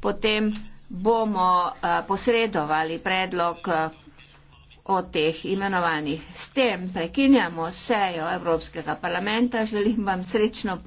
potem bomo eh, posredovali predlog eh, o teh imenovanih. S tem prekinjamo sejo Evropskega parlamenta. Želim vam srečno.